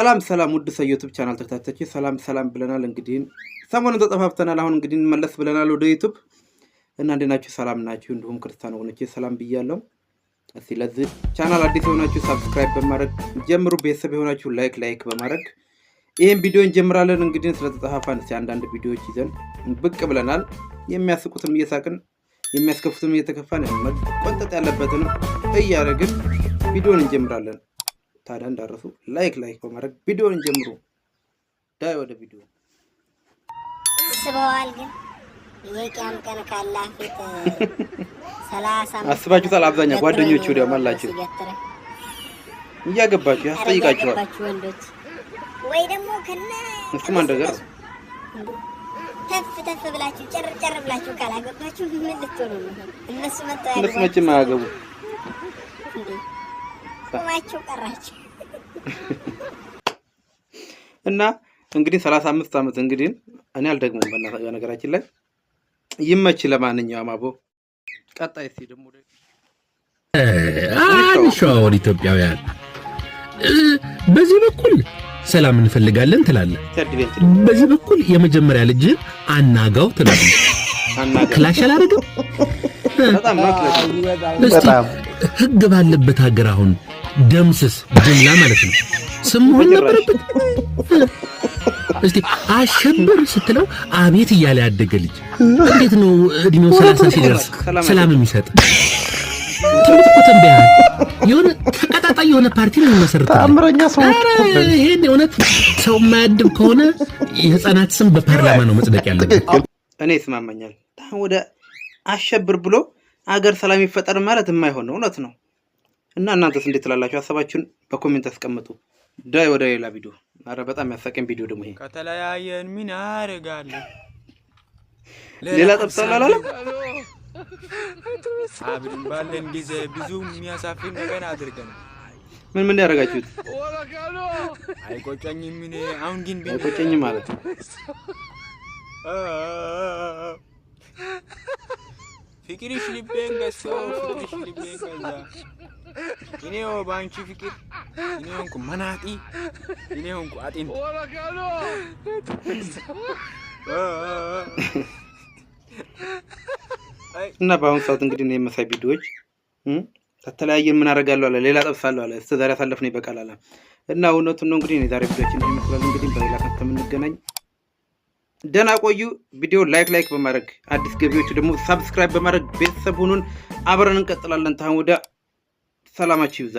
ሰላም ሰላም ውድ ሰው ዩቱብ ቻናል ተከታታዮች ሰላም ሰላም ብለናል። እንግዲህ ሰሞኑን ተጠፋፍተናል። አሁን እንግዲህ መለስ ብለናል ወደ ዩቱብ እና እንዴት ናችሁ? ሰላም ናችሁ? እንዲሁም ክርስቲያን ወገኖቼ ሰላም ብያለሁ። እስቲ ለዚህ ቻናል አዲስ የሆናችሁ ሳብስክራይብ በማድረግ ጀምሩ። ቤተሰብ የሆናችሁ ላይክ ላይክ በማድረግ ይህም ቪዲዮ እንጀምራለን። እንግዲህ ስለተጠፋፋን እስቲ አንዳንድ ቪዲዮዎች ይዘን ብቅ ብለናል። የሚያስቁትም እየሳቅን የሚያስከፉትም እየተከፋን መቆንጠጥ ያለበትን እያደረግን ቪዲዮን እንጀምራለን። ታዲያ እንዳረሱ ላይክ ላይክ በማድረግ ቪዲዮን ጀምሩ። ዳይ ወደ ቪዲዮ አስበዋል። ግን የቂያም ቀን ካላ አስባችሁታል። አብዛኛው ጓደኞቹ ወዲያም አላችሁ እያገባችሁ ያስጠይቃችኋል። ወይ ደግሞ ከነ እሱም አንድ ነገር ተፍ ተፍ ብላችሁ ጨር ጨር ብላችሁ ካላገባችሁ ምን ልትሆኑ ነው? እነሱ መጥተው ያገቡ እነሱ መቼም አያገቡ ቁማችሁ ቀራችሁ። እና እንግዲህ ሰላሳ አምስት ዓመት እንግዲህ እኔ አልደግሞም። በነገራችን ላይ ይመች። ለማንኛውም አቦ ቀጣይ እስኪ ደግሞ አንሸዋወን ኢትዮጵያውያን በዚህ በኩል ሰላም እንፈልጋለን ትላለን፣ በዚህ በኩል የመጀመሪያ ልጅን አናጋው ትላለን። ክላሽ አላደረግም። እስኪ ህግ ባለበት ሀገር አሁን ደምስስ ጅምላ ማለት ነው። ስም መሆን ነበረበት። እስቲ አሸብር ስትለው አቤት እያለ ያደገ ልጅ እንዴት ነው እድሜው ሰላሳ ሲደርስ ሰላም የሚሰጥ? ትምህርት እኮ ተንበያል የሆነ ተቀጣጣይ የሆነ ፓርቲ ነው የሚመሰርተው። ታምረኛ ሰው ይሄን እውነት ሰው የማያድብ ከሆነ የህፃናት ስም በፓርላማ ነው መጽደቅ ያለበት። እኔ ይስማማኛል። ወደ አሸብር ብሎ አገር ሰላም ይፈጠር ማለት የማይሆን እውነት ነው። እና እናንተስ እንዴት ትላላችሁ? ሀሳባችሁን በኮሜንት አስቀምጡ። ዳይ ወደ ሌላ ቪዲዮ። አረ በጣም ያሳቀኝ ቪዲዮ ደግሞ ይሄ። ከተለያየን ምን አደርጋለሁ? ሌላ ጠብሳል አላለም። አብድን ባለን ጊዜ ብዙ የሚያሳፍር ነገር አድርገን ምን ምን ያደርጋችሁት? አይቆጨኝም። ምን አሁን ግን አይቆጨኝም ማለት ነው። ፍቅርሽ ልቤን ገሶ ፍቅርሽ ልቤን ገዛ እኔ በአንቺ ፍቅር እኔ ሆንኩ መናጢ፣ እኔ ሆንኩ አጢን። እና በአሁኑ ሰዓት እንግዲህ እኔ መሳይ ቪዲዮዎች ከተለያየ ምን አደርጋለሁ አለ ሌላ ጠብሳለሁ አለ እስከ ዛሬ አሳለፍነው ይበቃል አለ እና እውነቱን ነው። እንግዲህ እኔ ዛሬ ቪዲዮችን ይመስላል። እንግዲህ በሌላ ከምንገናኝ ደህና ቆዩ። ቪዲዮ ላይክ ላይክ በማድረግ አዲስ ገቢዎች ደግሞ ሳብስክራይብ በማድረግ ቤተሰብ ሁኑን። አብረን እንቀጥላለን ታሁን ወደ ሰላማችሁ ይብዛ።